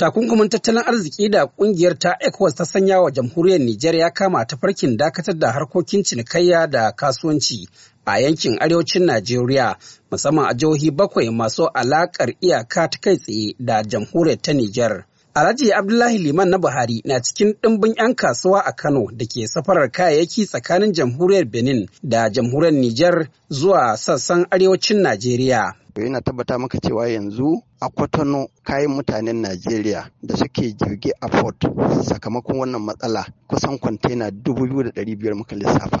Takunkumin tattalin arziki da kungiyar ta ECOWAS ta sanya wa jamhuriyar Nijar ya kama ta farkin dakatar da harkokin cinikayya da kasuwanci a yankin arewacin Najeriya musamman a jihohi bakwai masu alakar iyaka ta kai tsaye da jamhuriyar ta Nijar. Alhaji Abdullahi Liman na Buhari na cikin ɗimbin 'yan kasuwa a Kano da ke safarar kayayyaki tsakanin jamhuriyar Benin da jamhuriyar Nijar zuwa sassan arewacin Najeriya. yana tabbata maka cewa yanzu a kwatano kayan mutanen Najeriya da suke jirgi a Ford sakamakon wannan matsala kusan kwantena biyar muka lissafa.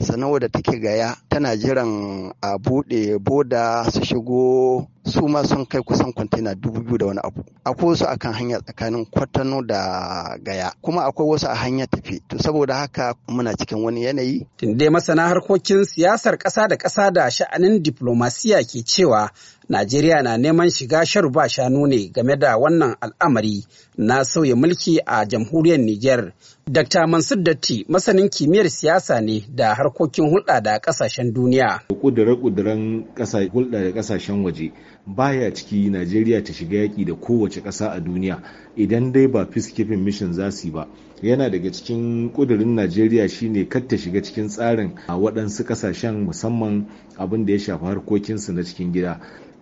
Sanawa da take gaya tana jiran a buɗe boda su shigo su ma sun kai kusan kwantena dubu biyu da wani abu akwai wasu akan hanya tsakanin kwatano da gaya kuma akwai wasu a hanya tafi to saboda haka muna cikin wani yanayi Tunde masana harkokin siyasar ƙasa da ƙasa da sha'anin diplomasiya ke cewa Najeriya na neman shiga sharu ba shanu ne game da wannan al'amari na sauya mulki a jamhuriyar Nijar. Dr. Mansur Datti masanin kimiyyar siyasa ne da harkokin hulɗa da ƙasashen duniya. ƙudurar ƙudurar ƙasa hulɗa ƙasashen waje baya ciki najeriya ta shiga yaƙi da kowace ƙasa a duniya idan dai ba peacekeeping mission za su yi ba yana daga cikin ƙudurin najeriya shine kar ta shiga cikin tsarin a waɗansu ƙasashen musamman abin da ya shafi harkokinsu na cikin gida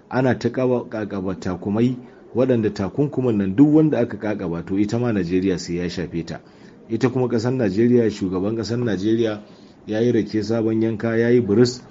ana ta kakaba takumai waɗanda takunkuman nan duk wanda aka kakaba to ita ma najeriya sai ya shafe ta ita kuma ƙasar najeriya shugaban ƙasar najeriya ya yi rake sabon yanka ya yi buris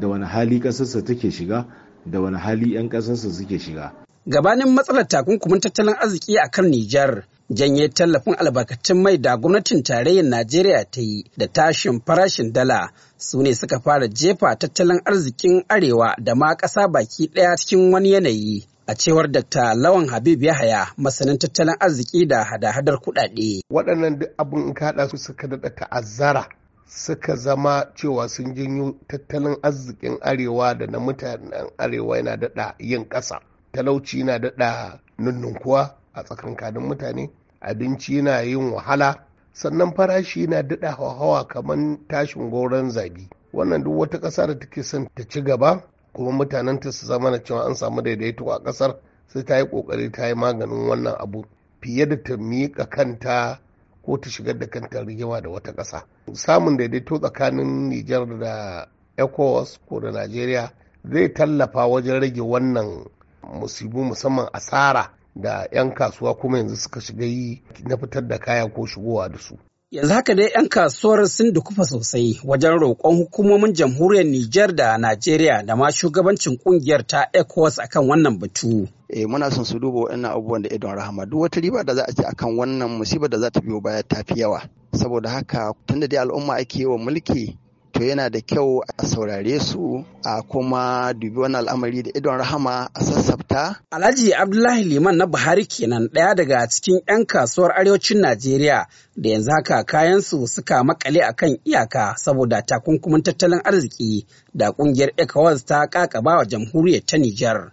da wani hali ƙasarsa take shiga da wani hali 'yan ƙasarsa suke shiga. Gabanin matsalar takunkumin tattalin arziki a kan Nijar, janye tallafin albarkatun mai da gwamnatin tarayyar Najeriya ta yi da tashin farashin dala su ne suka fara jefa tattalin arzikin arewa da ma ƙasa baki ɗaya cikin wani yanayi. a cewar Dr. Lawan Habib Yahaya masanin tattalin arziki da hada-hadar kuɗaɗe. Waɗannan duk abin in ka haɗa su suka daɗa ta'azzara suka zama cewa sun janyo tattalin arzikin arewa da na mutanen arewa yana daɗa yin ƙasa talauci yana daɗa nunnunkuwa a tsakankanin mutane abinci yana yin wahala sannan farashi yana daɗa hawa kamar tashin goron zabi wannan duk wata ƙasa da take son ta ci gaba kuma mutanen ta su zama na cewa an samu daidaito a ƙasar sai ta yi ƙoƙari ta yi maganin wannan abu fiye da ta miƙa kanta ko ta shigar da kanta rigima da wata ƙasa samun daidaito tsakanin nijar da ecowas ko da najeriya zai tallafa wajen rage wannan musibu musamman asara da 'yan kasuwa kuma yanzu suka shiga yi na fitar da kaya ko shigowa da su Yanzu haka dai 'yan kasuwar sun dukufa sosai wajen roƙon hukumomin jamhuriyar Nijar da Najeriya da ma shugabancin ƙungiyar ta ECOWAS akan wannan batu. eh muna son su duba waɗannan abubuwan da idon rahama duk wata riba da za a ci akan wannan musibar da za ta biyo baya ta fi yawa saboda haka tun da dai al'umma ake yi wa mulki to yana da kyau a saurare su a kuma dubi wani al'amari da idon rahama a sassafta. Alhaji Abdullahi Liman na Buhari kenan ɗaya daga cikin 'yan kasuwar arewacin Najeriya da yanzu haka kayansu suka makale a kan iyaka saboda takunkumin tattalin arziki da ƙungiyar ECOWAS ta kakaba wa jamhuriyar ta Nijar.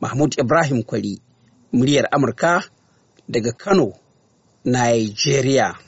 Mahmud Ibrahim Kwari, muryar Amurka daga Kano, Nigeria.